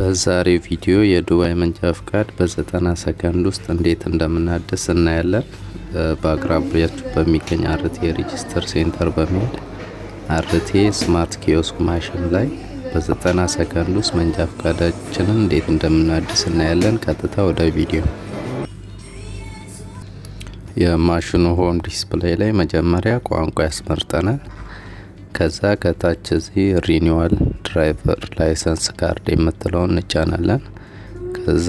በዛሬው ቪዲዮ የዱባይ መንጃ ፍቃድ በዘጠና ሰከንድ ውስጥ እንዴት እንደምናድስ እናያለን። በአቅራቢያችሁ በሚገኝ አርቴ ሬጂስተር ሴንተር በመሄድ አርቴ ስማርት ኪዮስክ ማሽን ላይ በዘጠና ሰከንድ ውስጥ መንጃ ፍቃዳችንን እንዴት እንደምናድስ እናያለን። ቀጥታ ወደ ቪዲዮ። የማሽኑ ሆም ዲስፕሌይ ላይ መጀመሪያ ቋንቋ ያስመርጠናል። ከዛ ከታች እዚህ ሪኒዋል ድራይቨር ላይሰንስ ካርድ የምትለውን እንጫናለን። ከዛ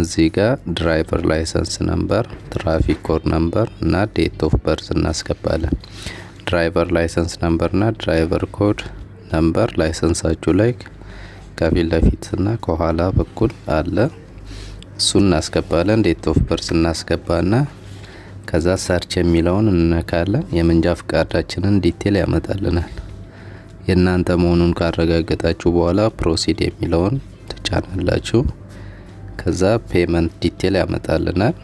እዚህ ጋር ድራይቨር ላይሰንስ ነምበር፣ ትራፊክ ኮድ ነምበር እና ዴት ኦፍ በርዝ እናስገባለን። ድራይቨር ላይሰንስ ነምበርና ድራይቨር ኮድ ነምበር ላይሰንሳችሁ ላይ ከፊት ለፊትና ከኋላ በኩል አለ። እሱን እናስገባለን። ዴት ኦፍ በርዝ እናስገባና ከዛ ሰርች የሚለውን እንነካለን። የመንጃ ፍቃዳችንን ዲቴል ያመጣልናል። የእናንተ መሆኑን ካረጋገጣችሁ በኋላ ፕሮሲድ የሚለውን ትጫናላችሁ። ከዛ ፔመንት ዲቴል ያመጣልናል።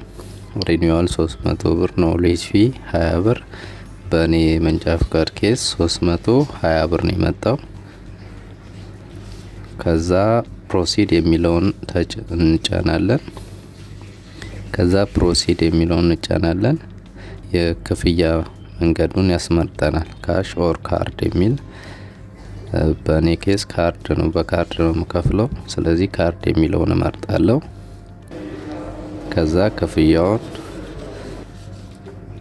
ሪኒዋል 300 ብር ነው፣ ሌት ፊ 20 ብር። በእኔ መንጃ ፍቃድ ኬስ 320 ብር ነው የመጣው። ከዛ ፕሮሲድ የሚለውን እንጫናለን። ከዛ ፕሮሲድ የሚለውን እንጫናለን። የክፍያ መንገዱን ያስመርጠናል፣ ካሽ ኦር ካርድ የሚል በእኔ ኬስ ካርድ ነው፣ በካርድ ነው የምከፍለው። ስለዚህ ካርድ የሚለውን እመርጣለሁ። ከዛ ክፍያውን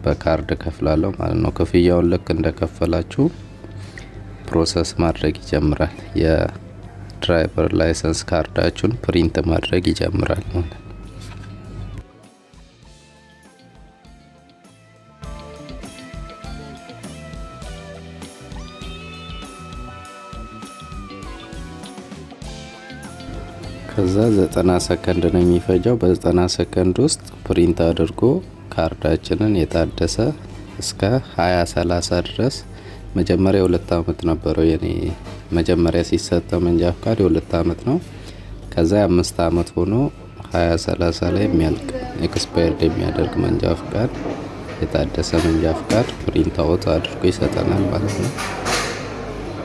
በካርድ ከፍላለሁ ማለት ነው። ክፍያውን ልክ እንደከፈላችሁ ፕሮሰስ ማድረግ ይጀምራል። የድራይቨር ላይሰንስ ካርዳችሁን ፕሪንት ማድረግ ይጀምራል ማለት ነው። ከዛ 90 ሰከንድ ነው የሚፈጀው። በ90 ሰከንድ ውስጥ ፕሪንት አድርጎ ካርዳችንን የታደሰ እስከ 20 30 ድረስ መጀመሪያ የሁለት አመት ነበረው የኔ መጀመሪያ ሲሰጠው መንጃ ፍቃድ የሁለት አመት ነው። ከዛ የአምስት አመት ሆኖ 20 30 ላይ የሚያልቅ ኤክስፓየርድ የሚያደርግ መንጃ ፍቃድ የታደሰ መንጃ ፍቃድ ፕሪንት አውት አድርጎ ይሰጠናል ማለት ነው።